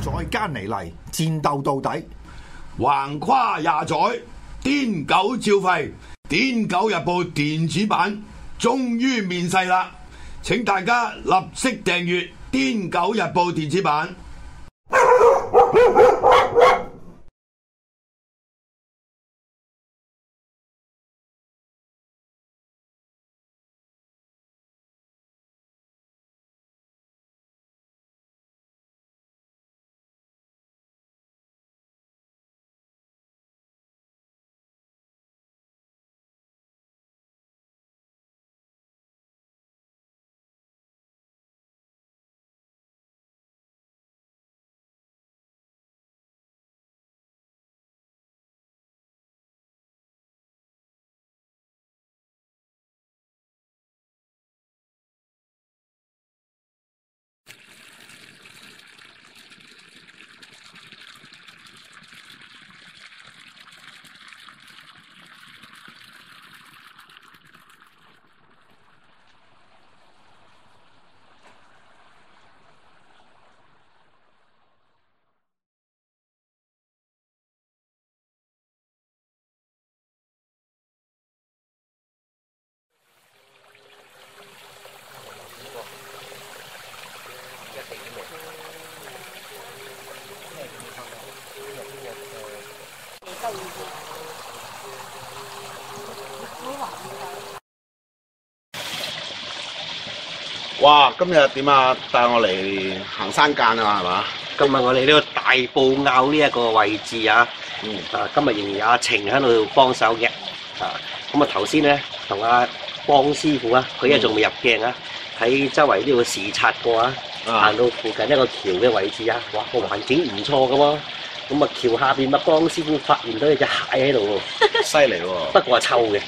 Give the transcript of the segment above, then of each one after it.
再加尼嚟，戰鬥到底，橫跨廿載，癲狗照吠。癲狗日報電子版終於面世啦！請大家立即訂閱癲狗日報電子版。 哇！ 今日點啊？帶我嚟行山間啊，係嘛？今日我哋呢個大埔坳呢一個位置啊，嗯，啊今日仍然有阿晴喺度幫手嘅，啊，咁啊頭先咧同阿邦師傅啊，佢一仲未入鏡啊，喺、嗯、周圍呢度視察過啊，行、啊、到附近一個橋嘅位置啊，哇，個環境唔錯噶喎。咁啊、嗯，橋下邊啊，邦師傅發現到有隻蟹喺度喎，犀利喎。不過係臭嘅。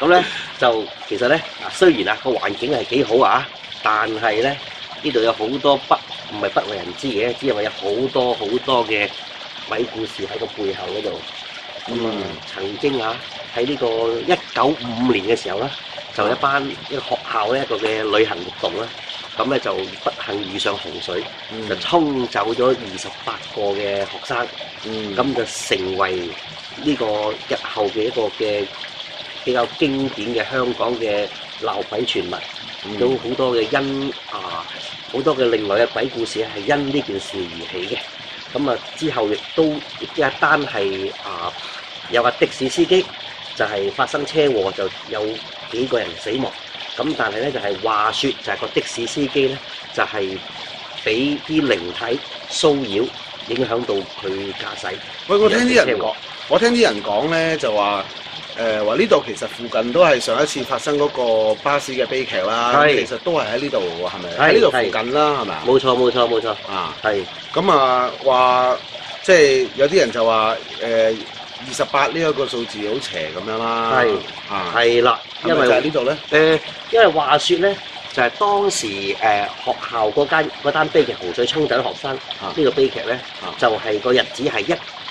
咁 咧就其實咧，雖然啊個環境係幾好啊，但係咧呢度有好多不唔係不，不為人知嘅，只係話有好多好多嘅鬼故事喺個背後嗰度。嗯，嗯，曾經啊喺呢個一九五五年嘅時候啦。就一班一個學校咧一個嘅旅行活動啦，咁咧就不幸遇上洪水，就沖走咗二十八個嘅學生，咁就成為呢個日後嘅一個嘅比較經典嘅香港嘅鬧鬼傳聞，都好多嘅因啊，好多嘅另外嘅鬼故事係因呢件事而起嘅，咁啊之後亦都一單係啊有個的士司機就係發生車禍就有，幾個人死亡咁，但係咧就係話說，就係、是、個的士司機咧，就係俾啲靈體騷擾，影響到佢駕駛。喂，我聽啲人講，我聽啲人講咧，就話誒話呢度其實附近都係上一次發生嗰個巴士嘅悲劇啦。是其實都係喺呢度，係咪？喺呢度附近啦，係咪是？冇吧錯，冇錯，冇錯啊！係咁啊，話即係有啲人就話誒。呃二十八呢一個數字好邪咁樣啦，係係啦，因為就係呢度咧。誒，因為話說咧，就係、是、當時誒、呃、學校間單悲劇洪水沖走學生呢、啊、個悲劇咧，啊、就係個日子係一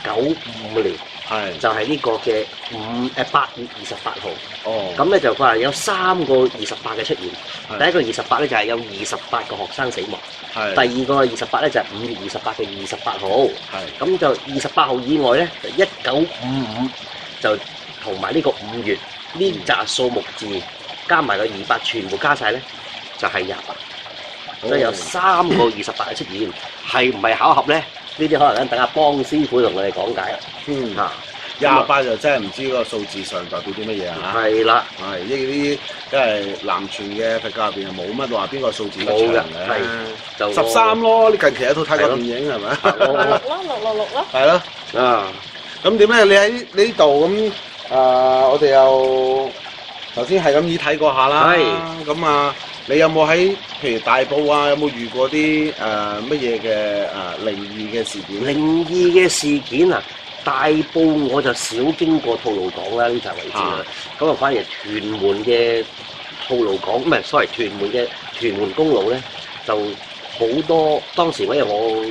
九五五年。嗯係就係呢個嘅五誒八月二十八號，咁咧、oh. 就話有三個二十八嘅出現。Oh. 第一個二十八咧就係、是、有二十八個學生死亡。係、oh. 第二個二十八咧就係、是、五月二十八嘅二十八號。係咁、oh. 就二十八號以外咧，一九五五就同埋呢個五月呢集數目字、oh. 加埋個二百全部加晒咧，就係廿八。Oh. 所以有三個二十八嘅出現，係唔係巧合咧？呢啲可能等等阿邦師傅同我哋講解。嗯啊。廿八就真係唔知個數字上代表啲乜嘢啊嚇！係啦，係呢啲真係南傳嘅佛教入邊啊，冇乜話邊個數字唔長嘅。十三咯，你近期一套泰國電影係咪的啊？六咯，六六六咯。係咯，啊，咁點咧？你喺呢度咁啊，我哋又頭先係咁已睇過下啦。係的。咁啊，你有冇喺譬如大埔啊，有冇遇過啲誒乜嘢嘅誒靈異嘅事件？靈異嘅事件啊！大埔我就少經過吐露港啦，呢就為止啦。咁啊，反而屯門嘅吐露港，唔係，sorry，屯門嘅屯門公路咧，就好多當時因為我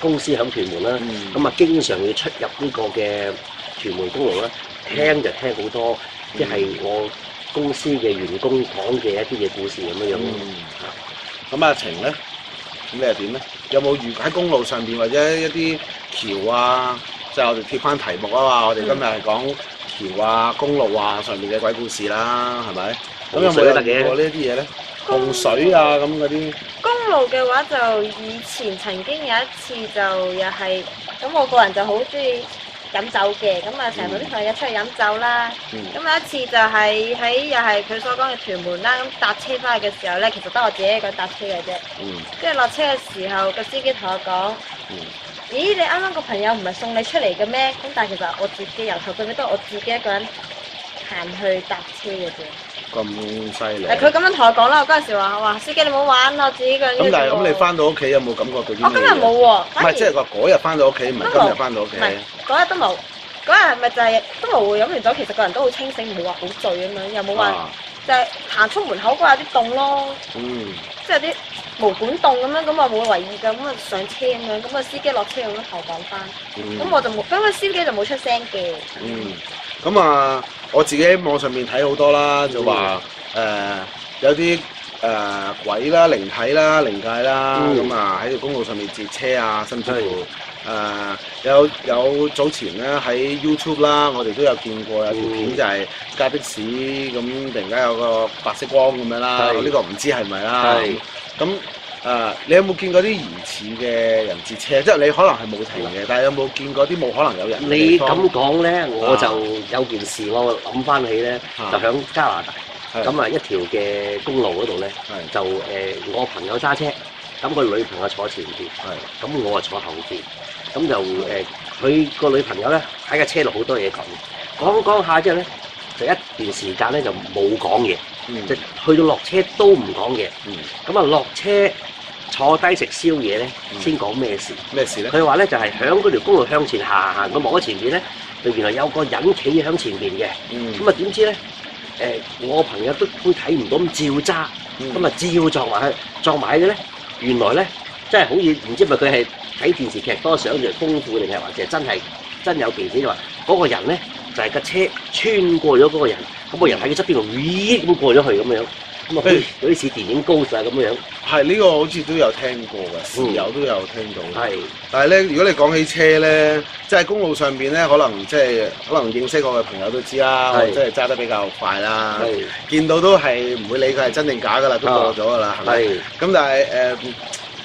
公司喺屯門啦，咁啊、嗯，經常要出入呢個嘅屯門公路咧，聽就聽好多，即係、嗯、我公司嘅員工講嘅一啲嘅故事咁樣、嗯、樣。咁阿晴咧，咁你又點咧？有冇喺公路上面或者一啲橋啊？就我哋貼翻題目啊嘛，我哋今日係講橋啊、公路啊上面嘅鬼故事啦，係咪？咁、嗯、有冇得聽過呢啲嘢咧？洪公水啊咁嗰啲。公路嘅話就以前曾經有一次就又係咁，我個人就好中意飲酒嘅，咁啊成日同啲朋友出去飲酒啦。咁有、嗯、一次就係喺又係佢所講嘅屯門啦，咁搭車翻去嘅時候咧，其實得我自己一個搭車嘅啫。嗯。跟住落車嘅時候，個司機同我講。嗯。咦，你啱啱個朋友唔係送你出嚟嘅咩？咁但係其實我自己由頭到尾都係我自己一個人行去搭車嘅啫。咁犀利！佢咁樣同我講啦，我嗰陣時話我話司機你唔好玩，我自己一、這個人。咁但係是咁，種你返到屋企有冇感覺到？我今日冇喎。唔係，即係話嗰日返到屋企唔係今日返到屋企。嗰日都冇，嗰日咪就係、是、都冇。飲完酒其實個人都好清醒，唔會話好醉噉樣，又冇話就係行出門口嗰下啲凍咯。啊、嗯。嗯即係啲毛管棟咁樣，咁我冇為意咁，啊上車咁樣，咁啊司機落車用頭揼翻，咁我就冇，咁啊司機就冇出聲嘅。嗯，咁啊，我自己喺網上面睇好多啦，就話誒有啲誒鬼啦、靈體啦、靈界啦，咁啊喺個公路上面截車啊，甚至乎……誒、uh, 有有早前咧喺 YouTube 啦，我哋都有見過有條片就係架的士咁，突然間有個白色光咁樣啦。呢是個唔知係咪啦。咁誒是，uh, 你有冇見過啲疑似嘅人字車？是即係你可能係冇停嘅，嗯、但係有冇見過啲冇可能有人？你咁講咧，我就有件事、啊、我諗翻起咧，就喺加拿大，咁啊一條嘅公路嗰度咧，是就誒、呃、我朋友揸車。咁個女朋友坐前邊，咁的我啊坐後邊，咁就誒，佢、呃、個女朋友咧喺架車度好多嘢講，講講下之後咧，就一段時間咧就冇講嘢，嗯、就去到落車都唔講嘢，咁啊落車坐低食宵夜咧先講咩事？咩事咧？佢話咧就係響嗰條公路向前行行，佢望咗前邊咧，原來有個人企喺前邊嘅，咁啊點知咧？誒、呃，我朋友都都睇唔到咁照揸，咁啊照撞埋去撞埋嘅咧。原來咧，真係好似唔知咪佢係睇電視劇多想像豐富定係或者真係真有其事就話嗰個人咧，就係、係、架車穿過咗嗰個人，咁、嗰個人喺佢側邊度，咦咁過咗去咁樣，咁啊，有啲似電影高手啊咁樣。係呢個好似都有聽過嘅，時有都有聽到。係，但係咧，如果你講起車咧，即係公路上邊咧，可能即係可能認識我嘅朋友都知啦，我即係揸得比較快啦，見到都係唔會理佢係真定假噶啦，都過咗噶啦，係咪？咁但係誒，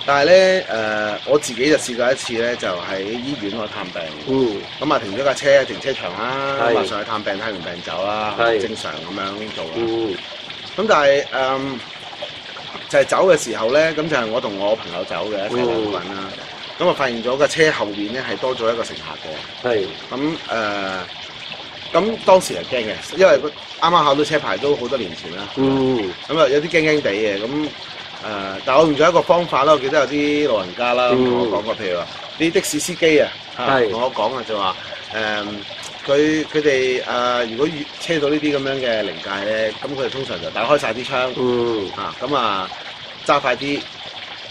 但係咧誒，我自己就試過一次咧，就喺醫院度探病，咁啊停咗架車喺停車場啦，上去探病睇完病走啦，正常咁樣做。咁但係誒。就係走嘅時候咧，咁就係我同我朋友走嘅一齊去揾啦。咁啊，哦、我發現咗個車後邊咧，係多咗一個乘客嘅。係咁誒，咁、呃、當時係驚嘅，因為啱啱考到車牌都好多年前啦。嗯，咁啊，有啲驚驚地嘅咁誒，但係我用咗一個方法啦。我記得有啲老人家啦，同、嗯、我講過，譬如話啲的士司機啊，同是我講啊，就話誒，佢佢哋誒，如果遇車到呢啲咁樣嘅靈界咧，咁佢哋通常就打開晒啲窗。嗯，啊咁啊。啊啊啊揸快啲，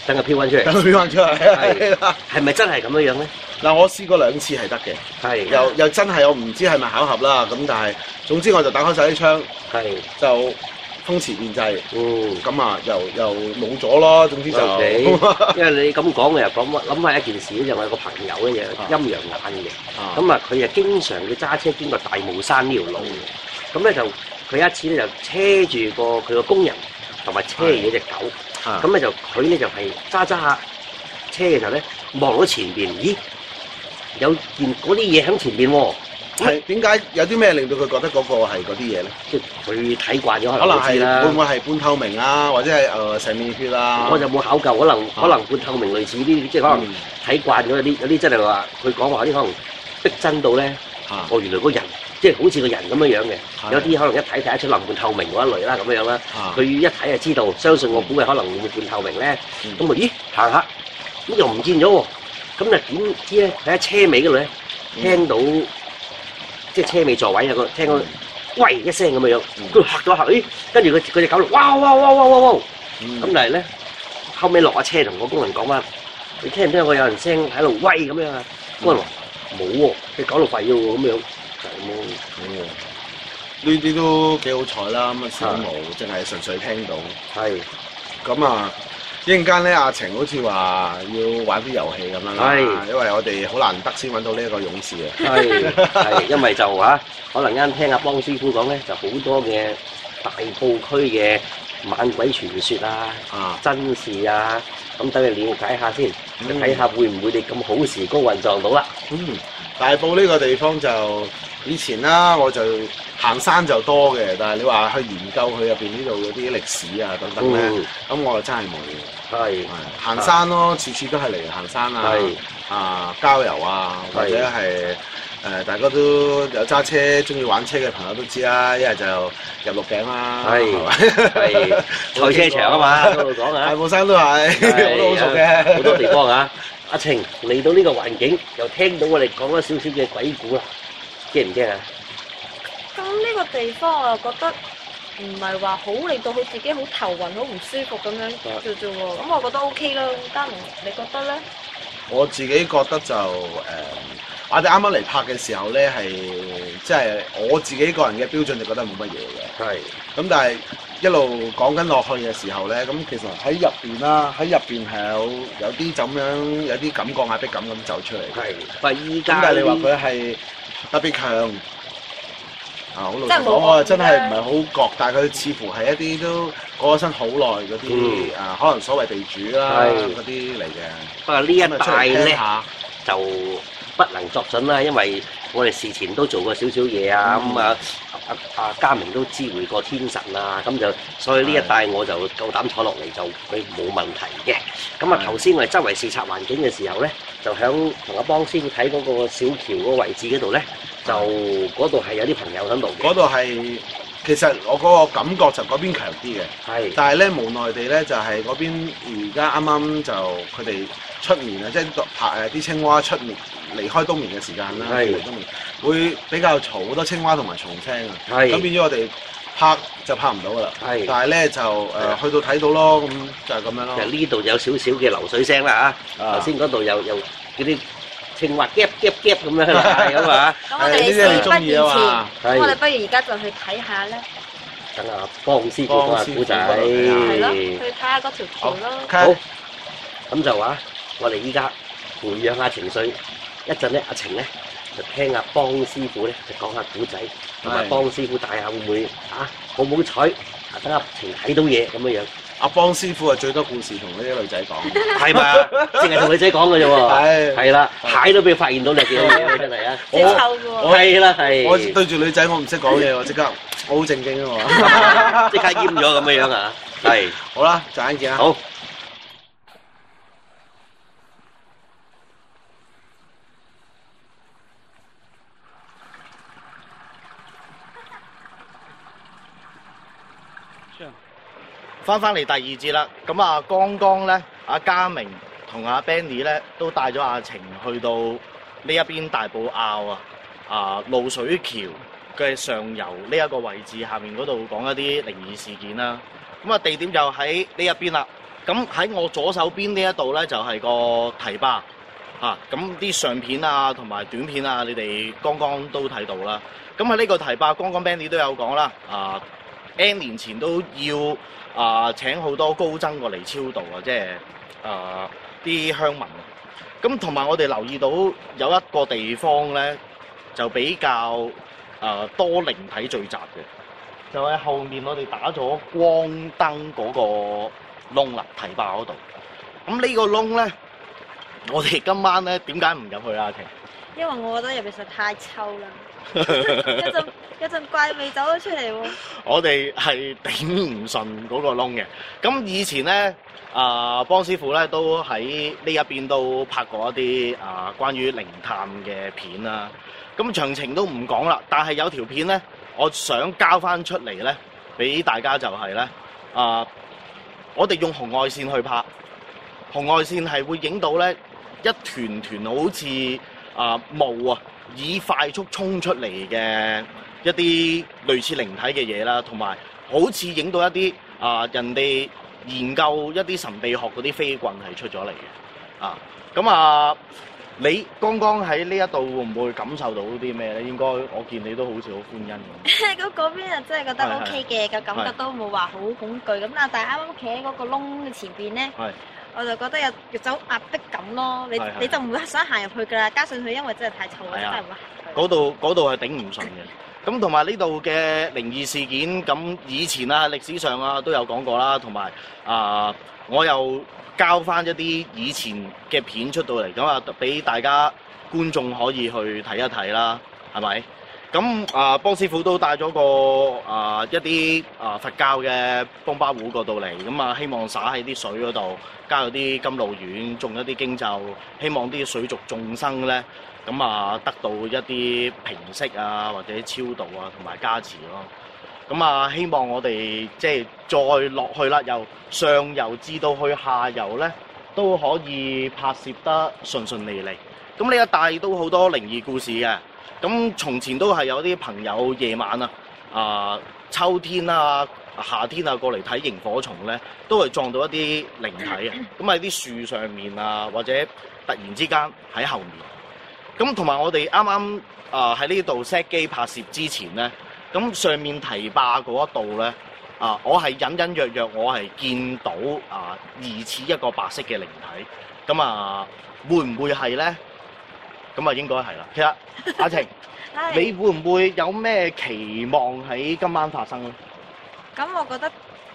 等個飄雲出嚟。等飄雲出嚟，係咪真係咁樣樣咧？嗱，我試過兩次係得嘅，係又又真係我唔知係咪巧合啦。咁但係總之我就打開手機窗，係就風前面掣，嗯，咁啊又又冇咗咯。總之就你，因為你咁講嘅又講乜？諗翻一件事就我有個朋友咧，嘢陰陽眼嘅，咁啊佢啊經常佢揸車經過大霧山呢條路嘅，咁咧就佢一次咧就車住個佢個工人同埋車住隻狗。啊，咁咪、嗯嗯、就佢咧就係揸揸下車嘅時候咧，望到前邊，咦，有件嗰啲嘢喺前邊喎，點解有啲咩令到佢覺得嗰個係嗰啲嘢咧？即係佢睇慣咗可能，可能係會唔會係半透明啊，嗯、或者係誒成面血啊？我就冇考究，可能、嗯、可能半透明，類似啲即係可能睇慣咗有啲有啲真係話佢講話啲可能逼真到咧，我、嗯啊、原來嗰人。即係好似個人咁樣樣嘅，有啲可能一睇睇得出能半透明嗰一類啦，咁樣啦。佢一睇就知道，相信我估計可能會半透明咧。咁啊咦，行下，咁又唔見咗喎。咁啊點知咧？喺下車尾嗰度咧，聽到即係車尾座位有個聽到喂一聲咁樣樣，佢嚇咗一嚇，咦？跟住佢佢隻狗就哇哇哇哇哇哇，但係咧。後尾落咗車同個工人講翻，你聽唔聽我有人聲喺度喂咁樣啊？工人話冇喎，佢狗落吠咗喎咁樣。呢啲、嗯、都幾好彩啦。咁啊，小毛淨係純粹聽到。係是的。咁啊，一陣間咧，阿晴好似話要玩啲遊戲咁樣啦。係。是的 因為我哋好難得先搵到呢一個勇士啊。係是的。 係。因為就話、啊，可能啱聽阿邦師傅講咧，就好多嘅大埔區嘅猛鬼傳說啊，啊真事啊。咁等你了解下先，睇下、嗯、會唔會你咁好時高運撞到啦。嗯，大埔呢個地方就以前啦，我就行山就多嘅，但係你話去研究佢入邊呢度嗰啲歷史啊，等等咧，咁、嗯、我就真係冇嘢。係是，行山咯，次是次都係嚟行山啊，是啊郊遊啊，或者係。是誒，大家都有揸車，中意玩車嘅朋友都知啦，一係就入鹿頸啊，係賽車場啊嘛，都會講下。大帽山都係，我都好熟嘅，好多地方啊。阿晴嚟到呢個環境，又聽到我哋講咗少少嘅鬼故啦，驚唔驚啊？咁呢個地方我覺得唔係話好令到佢自己好頭暈，好唔舒服咁樣，叫做喎。咁我覺得 OK 咯，得唔？你覺得咧？我自己覺得就誒。我哋啱啱嚟拍嘅時候咧，係即係我自己個人嘅標準，就覺得冇乜嘢嘅。係咁的，但係一路講緊落去嘅時候咧，咁其實喺入邊啦，喺入邊係有有啲咁樣，有啲感覺壓迫感咁走出嚟。係的，但係依家咁，但你話佢係特別強啊，好的老實講，我真係唔係好覺，但係佢似乎係一啲都過咗身好耐嗰啲啊，可能所謂地主啦嗰啲嚟嘅。不過的呢一，聽就。不能作準啦，因為我哋事前都做過少少嘢啊，咁啊阿阿珈名都知會過天神啊，咁就所以呢一帶我就夠膽坐落嚟，就佢冇問題嘅。咁啊頭先我哋周圍視察環境嘅時候咧，就響同阿邦師傅睇嗰個小橋嗰位置嗰度咧，嗯、就嗰度係有啲朋友喺度。嗰度係。其實我嗰個感覺就嗰邊強啲嘅，是但係咧無奈地咧就係嗰邊而家啱啱就佢哋出面啊，即係拍誒啲青蛙出面離開冬眠嘅時間啦，離是開冬眠會比較嘈，好多青蛙同埋蟲聲啊，咁是變咗我哋拍就拍唔到噶啦，是但係咧就誒、呃、去到睇到咯，咁就係咁樣咯。就呢度有少少嘅流水聲啦啊，頭先嗰度有有啲。有聽話，夾夾夾咁樣啦，係咁啊！咁我哋不如中意啊嘛，係，我哋不如而家就去睇下咧。等阿邦師傅講下古仔，去睇下嗰條橋咯。好，咁就話，我哋依家培養下情緒，一陣咧，阿晴咧。就聽阿邦師傅呢，就講下古仔，咁阿邦師傅帶下會唔會，啊，好唔好彩，等阿睛，睇到嘢噉樣，阿邦師傅最多故事同呢啲女仔講，係嘛，淨係同女仔講嘅啫喎？係啦，蟹都俾佢發現到你幾多嘢，我現在啊。翻翻嚟第二節啦，咁啊，剛剛咧，阿珈名同阿 Benny 咧都帶咗阿睛去到呢一邊大埔滘啊，啊，露水橋嘅上游呢一個位置下面嗰度講一啲靈異事件啦。咁啊，地點就喺呢一邊啦。咁喺我左手邊呢一度咧就係個堤壩啊。咁啲相片啊同埋短片啊，你哋剛剛都睇到啦。咁喺呢個堤壩，剛剛 Benny 都有講啦啊。N 年前都要啊、呃、請好多高僧過嚟超度啊，即係啊啲鄉民啊。咁同埋我哋留意到有一個地方咧，就比較啊、呃、多靈體聚集嘅，就喺、是、後面我哋打咗光燈嗰個窿啦，堤壩嗰度。咁、那個、呢個窿咧，我哋今晚咧點解唔入去啊？阿睛，因為我覺得入邊實在太臭啦。一陣一陣怪味走咗出嚟喎、啊！ 我哋係頂唔順嗰個窿嘅。咁以前咧，啊、呃，邦師傅咧都喺呢一邊都拍過一啲、呃、啊關於靈探嘅片啦。咁詳情都唔講啦，但係有條片咧，我想交翻出嚟咧，俾大家就係咧啊，我哋用紅外線去拍，紅外線係會影到咧一團團好似啊霧啊。以快速衝出嚟嘅一啲類似靈體嘅嘢啦，同埋好似影到一啲啊人哋研究一啲神秘學嗰啲飛棍係出咗嚟嘅啊！咁啊，你剛剛喺呢一度會唔會感受到啲咩咧？應該我見你都好似好歡欣咁。咁嗰邊啊，真係覺得 OK 嘅，個感覺都冇話好恐懼咁。啊，但係啱啱企喺嗰個窿嘅前邊咧。我就覺得有越走壓迫感咯，的你你就唔會想行入去噶啦。加上佢因為真係太臭啦，的我真係唔行。嗰度嗰度係頂唔順嘅。咁同埋呢度嘅靈異事件，咁以前啊、歷史上啊都有講過啦、啊。同埋啊，我又交翻一啲以前嘅片出到嚟，咁啊，俾大家觀眾可以去睇一睇啦、啊，係咪？咁啊，邦師傅都帶咗個啊一啲啊佛教嘅供巴碗過到嚟，咁啊希望灑喺啲水嗰度，加入啲甘露丸，種一啲經咒，希望啲水族眾生咧，咁啊得到一啲平息啊或者超度啊同埋加持咯、啊。咁啊希望我哋即係再落去啦，由上游至到去下游咧，都可以拍攝得順順利利。咁呢一帶都好多靈異故事嘅。咁從前都係有啲朋友夜晚啊，啊秋天啊、夏天啊過嚟睇螢火蟲咧，都係撞到一啲靈體啊！咁喺啲樹上面啊，或者突然之間喺後面。咁同埋我哋啱啱啊喺呢度 set 機拍攝之前咧，咁、啊、上面堤壩嗰度咧啊，我係隱隱約約我係見到啊疑似一個白色嘅靈體。咁啊，會唔會係咧？咁啊，應該係啦。其實，阿晴，你會唔會有咩期望喺今晚發生咧？咁我覺得。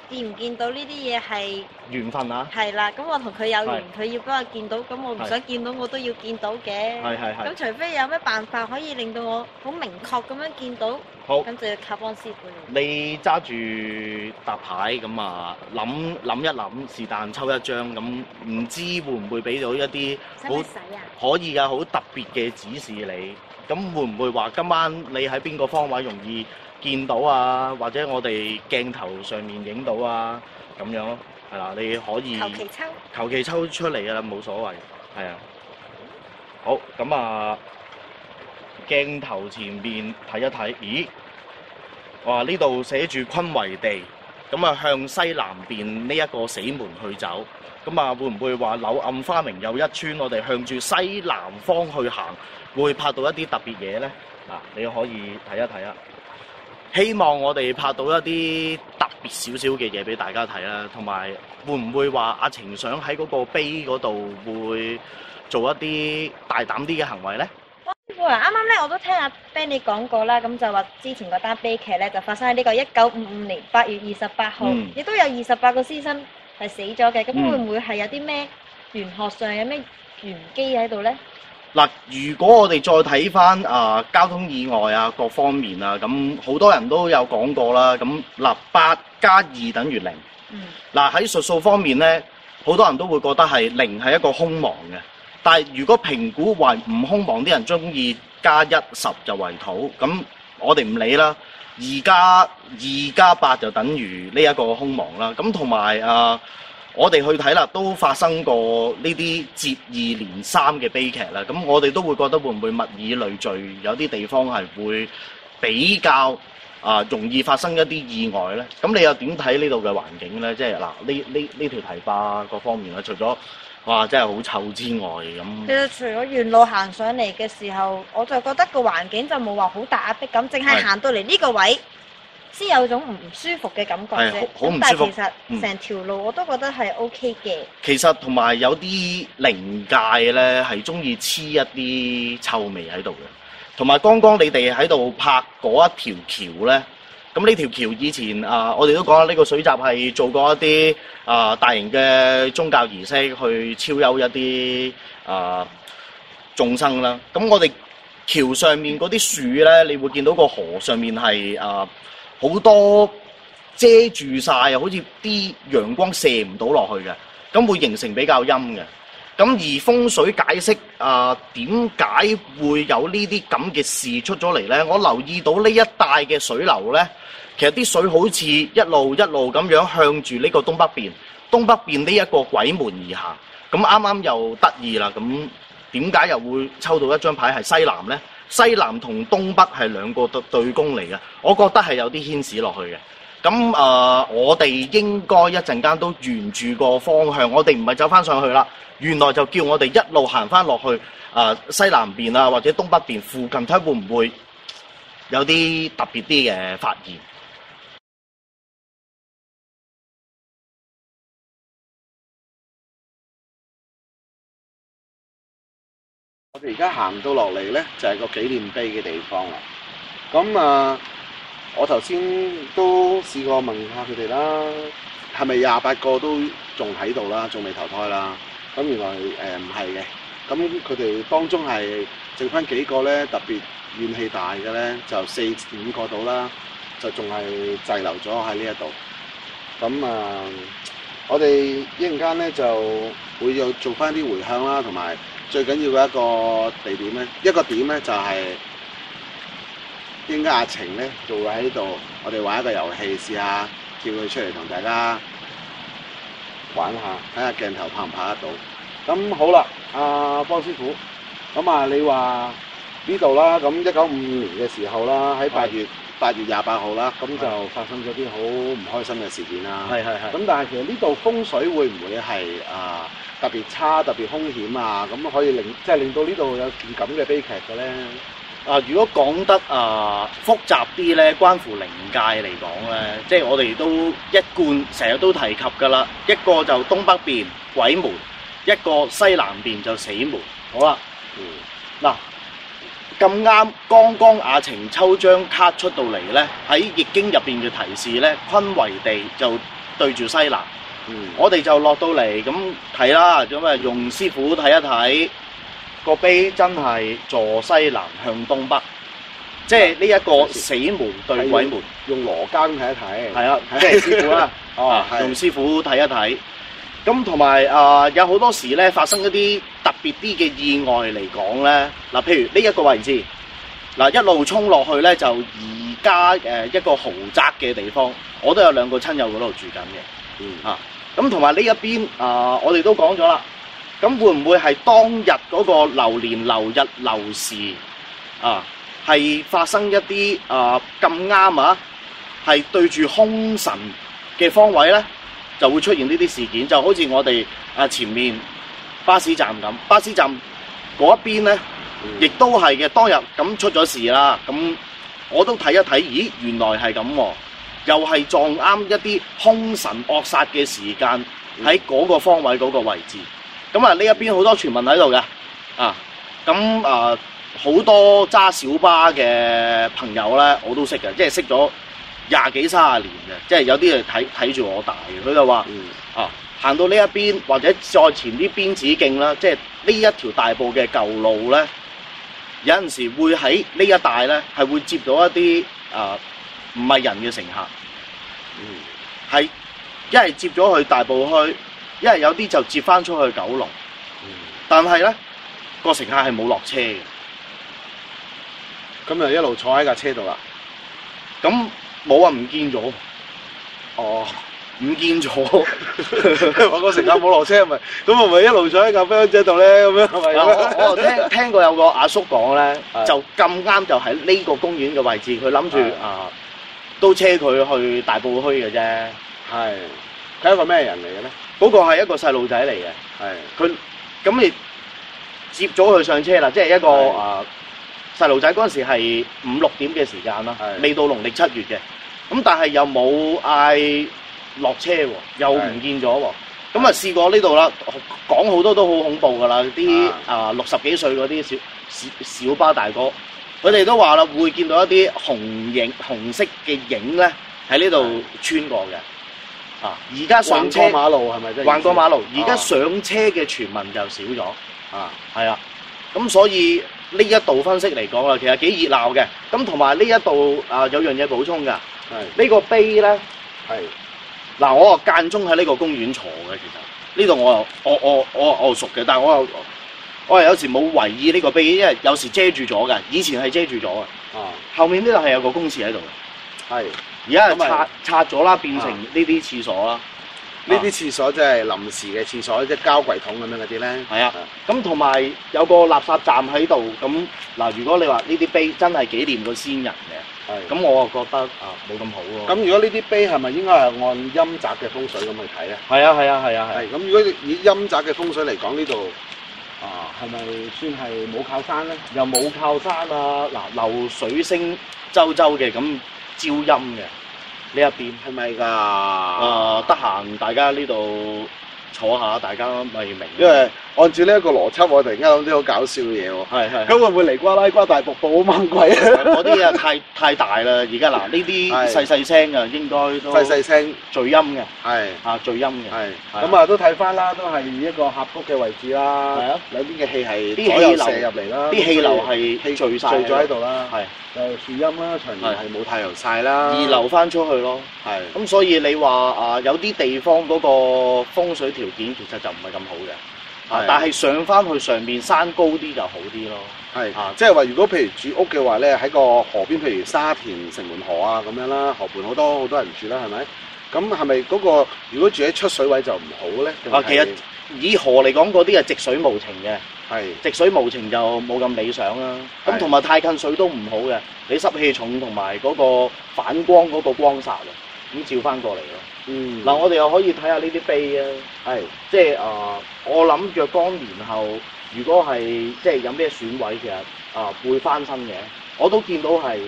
見唔見到呢啲嘢係緣分啊！係啦，咁我同佢有緣，佢的要俾我見到，咁我唔想見到，我都要見到嘅。係係係。咁除非有咩辦法可以令到我好明確咁樣見到，好，咁就要靠邦師傅。你揸住搭牌咁啊，諗諗一諗，是但抽一張咁，唔知會唔會俾到一啲好、啊、可以啊，好特別嘅指示你。咁會唔會話今晚你喺邊個方位容易？見到啊，或者我哋鏡頭上面影到啊，咁樣咯，係啦，你可以求其抽，求其抽出嚟嘅啦，冇所謂，係啊。好咁啊，鏡頭前面睇一睇，咦？哇！呢度寫住坤為地，咁啊向西南邊呢一個死門去走，咁啊會唔會話柳暗花明又一村？我哋向住西南方去行，會拍到一啲特別嘢咧，嗱，你可以睇一睇啊。希望我哋拍到一啲特別少少嘅嘢俾大家睇啦，同埋會唔會話阿睛想喺嗰個碑嗰度會做一啲大膽啲嘅行為咧？阿、哦、師傅啊，啱啱咧我都聽阿 Ben 你講過啦，咁就話之前嗰單悲劇咧就發生喺呢個一九五五年八月二十八號，嗯、亦都有二十八個師生係死咗嘅。咁、嗯、會唔會係有啲咩玄學上有咩玄機喺度咧？嗱，如果我哋再睇翻啊交通意外啊各方面啊，咁、嗯、好多人都有講過啦。咁、嗯、嗱，八加二等於零。嗯。嗱喺術數方面呢，好多人都會覺得係零係一個空亡嘅。但係如果評估為唔空亡啲人中意加一十，就為土。咁、嗯、我哋唔理啦。二加二加八就等於呢一個空亡啦。咁同埋啊。我哋去睇啦，都發生過呢啲接二連三嘅悲劇啦。咁我哋都會覺得會唔會物以類聚，有啲地方係會比較啊、呃、容易發生一啲意外咧。咁你又點睇呢度嘅環境咧？即係嗱，呢呢呢條堤壩各方面咧，除咗哇真係好臭之外，咁其實除咗沿路行上嚟嘅時候，我就覺得個環境就冇話好大壓迫咁，淨係行到嚟呢個位。先有種唔舒服嘅感覺啫，係好唔舒服，但係其實成條路我都覺得係 OK 嘅。嗯、其實同埋有啲靈界咧，係中意黐一啲臭味喺度嘅。同埋剛剛你哋喺度拍嗰一條橋咧，咁呢條橋以前啊，我哋都講啦，呢個水閘係做過一啲啊大型嘅宗教儀式去超幽一啲啊眾生啦。咁我哋橋上面嗰啲樹咧，你會見到個河上面係啊～好多遮住晒啊，好似啲陽光射唔到落去嘅，咁會形成比較陰嘅。咁而風水解釋啊，點、呃、解會有呢啲咁嘅事出咗嚟呢？我留意到呢一帶嘅水流呢，其實啲水好似一路一路咁樣向住呢個東北邊，東北邊呢一個鬼門而行。咁啱啱又得意啦，咁點解又會抽到一張牌係西南呢？.西南同東北係兩個對對攻嚟嘅，我覺得係有啲牽涉落去嘅。咁誒、呃，我哋應該一陣間都沿住個方向，我哋唔係走翻上去啦，原來就叫我哋一路行翻落去誒、呃、西南邊啊，或者東北邊附近睇下會唔會有啲特別啲嘅發現。我哋而家行到落嚟咧，就係個紀念碑嘅地方啦。咁啊，我頭先都試過問下佢哋啦，係咪廿八個都仲喺度啦，仲未投胎啦？咁原來誒唔係嘅，咁佢哋當中係剩翻幾個咧，特別怨氣大嘅咧，就四五個度啦，就仲係滯留咗喺呢一度。咁啊，我哋一陣間咧就會有做翻啲回向啦，同埋。最緊要嘅一個地點咧，一個點咧就係點解阿晴咧就會喺度，我哋玩一個遊戲，試下叫佢出嚟同大家玩下，睇下鏡頭拍唔拍得到？咁好啦，阿邦師傅，咁啊你話呢度啦，咁一九五五年嘅時候啦，喺八月八月廿八號啦，咁就發生咗啲好唔開心嘅事件啦。係係係。咁的但係其實呢度風水會唔會係啊？特別差、特別兇險啊！咁可以令即係、就是、令到呢度有件咁嘅悲劇嘅咧。啊，如果講得啊、呃、複雜啲咧，關乎靈界嚟講咧，嗯、即係我哋都一貫成日都提及㗎啦。一個就東北邊鬼門，一個西南邊就死門。好啦，嗱咁啱，剛剛阿睛抽張卡出到嚟咧，喺易經入邊嘅提示咧，坤為地就對住西南。嗯、我哋就落到嚟咁睇啦，咁啊用師傅睇一睇個碑真係坐西南向東北，嗯、即係呢一個死門對鬼門。用羅庚睇一睇，係啊，睇師傅啦。 啊、哦，是用師傅睇一睇。咁同埋啊，有好多時咧發生一啲特別啲嘅意外嚟講咧，嗱、啊，譬如呢一個位置，嗱、啊、一路衝落去咧就而家誒一個豪宅嘅地方，我都有兩個親友嗰度住緊嘅。嗯，啊。啊啊啊咁同埋呢一邊啊、呃，我哋都講咗啦。咁會唔會係當日嗰個流年流日流時啊，係發生一啲啊咁啱啊，係對住凶神嘅方位咧，就會出現呢啲事件。就好似我哋啊前面巴士站咁，巴士站嗰一邊咧，亦都係嘅。當日咁出咗事啦，咁我都睇一睇，咦，原來係咁喎。又係撞啱一啲凶神惡煞嘅時間，喺嗰個方位嗰、嗰個位置。咁啊，呢一邊好多傳聞喺度嘅啊。咁啊，好、呃、多揸小巴嘅朋友咧，我都識嘅，即係識咗廿幾三十年嘅，即係有啲係睇睇住我大嘅。佢就話、嗯、啊，行到呢一邊或者再前啲邊子徑啦，即係呢一條大埔嘅舊路咧，有陣時會喺呢一帶咧係會接到一啲啊。呃唔係人嘅乘客，係一係接咗去大埔墟，一係有啲就接翻出去九龍。但係咧，個乘客係冇落車嘅，咁就一路坐喺架車度啦。咁冇話唔見咗，哦，唔見咗，我個乘客冇落車，係咪咁咪一路坐喺架飛度咧，咁樣係咪？我我聽聽過有個阿叔講咧，就咁啱就喺呢個公園嘅位置，佢諗住啊。都車佢去大埔墟嘅啫，係佢係一個咩人嚟嘅咧？嗰個係一個細路仔嚟嘅，係佢咁你接咗佢上車啦，即係一個誒細路仔嗰陣時係五六點嘅時間啦，係未到農曆七月嘅，咁但係又冇嗌落車喎，又唔見咗喎，咁啊試過呢度啦，講好多都好恐怖噶啦，啲啊六十幾歲嗰啲小小小巴大哥。佢哋都話啦，會見到一啲紅影、紅色嘅影咧喺呢度穿過嘅，啊！而家上車馬路係咪？橫過馬路，而家上車嘅傳聞就少咗，啊啊，啊，係啊。咁所以呢一度分析嚟講啊，其實幾熱鬧嘅。咁同埋呢一度啊，有樣嘢補充噶，係呢個碑咧，係嗱，我啊間中喺呢個公園坐嘅，其實呢度我啊，我我我啊熟嘅，但係我。我我係有時冇為意呢個碑，因為有時遮住咗嘅。以前係遮住咗嘅，後面呢度係有個公廁喺度嘅。係，而家係拆拆咗啦，變成呢啲廁所啦。呢啲廁所即係臨時嘅廁所，即係膠櫃桶咁樣嗰啲咧。係啊，咁同埋有個垃圾站喺度。咁嗱，如果你話呢啲碑真係紀念個先人嘅，咁我啊覺得啊冇咁好咯。咁如果呢啲碑係咪應該係按陰宅嘅風水咁去睇咧？係啊，係啊，，係啊，係。咁如果以陰宅嘅風水嚟講，呢度。啊，係咪算係冇靠山咧？又冇靠山啊！嗱、啊，流水聲周周嘅咁噪音嘅呢一邊係咪噶？啊，得閒、啊、大家呢度坐下，大家咪明，因為。按照呢一個邏輯，我突然間諗啲好搞笑嘅嘢喎。係係。咁會唔會尼加拉瓜大瀑布咁猛鬼？嗰啲啊太太大啦！而家嗱呢啲細細聲㗎，應該都細細聲聚音嘅。係啊，聚音嘅。係係。咁啊，都睇翻啦，都係以一個峽谷嘅位置啦。係啊，兩邊嘅氣係左右射入嚟啦。啲氣流係氣聚曬聚咗喺度啦。係就樹陰啦，常年係冇太陽曬啦。而流翻出去咯。係。咁所以你話啊，有啲地方嗰個風水條件其實就唔係咁好嘅。是但係上翻去上面山高啲就好啲咯。係啊，即係話如果譬如住屋嘅話咧，喺個河邊，譬如沙田城門河啊咁樣啦，河畔好多好多人住啦，係咪？咁係咪嗰個？如果住喺出水位就唔好咧？啊，其實以河嚟講，嗰啲係直水無情嘅。係是直水無情就冇咁理想啦、啊。咁同埋太近水都唔好嘅，你濕氣重同埋嗰個反光嗰個光煞。照翻過嚟咯。嗱、嗯，我哋又可以睇下呢啲碑啊。係，即係啊，我諗若干年後，如果係即係有咩損毀，其實啊、呃、會翻新嘅。我都見到係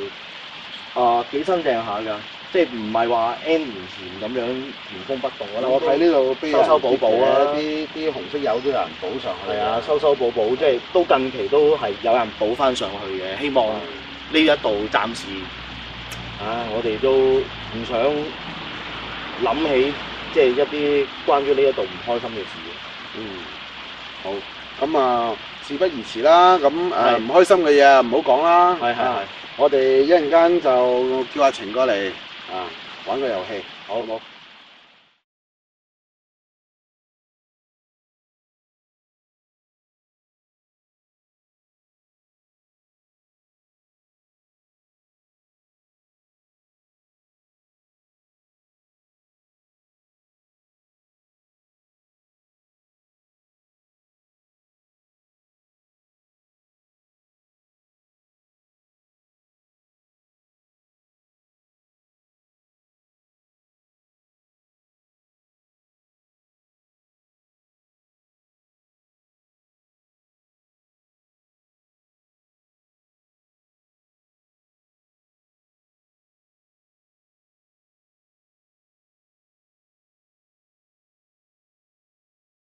啊幾新淨下㗎，即係唔係話 N 年前咁樣原封不動啦。嗯、我睇呢度修修補補啊，啲啲紅色油都，都有人補上去。係啊，修修補補，即係都近期都係有人補翻上去嘅。希望呢一度暫時。啊！我哋都唔想諗起即係一啲關於呢一度唔開心嘅事的。嗯，好。咁啊，事不宜遲啦。咁誒，唔是、啊、開心嘅嘢唔好講啦。係係、啊。我哋一陣間就叫阿晴過嚟啊，是玩個遊戲。好，好。好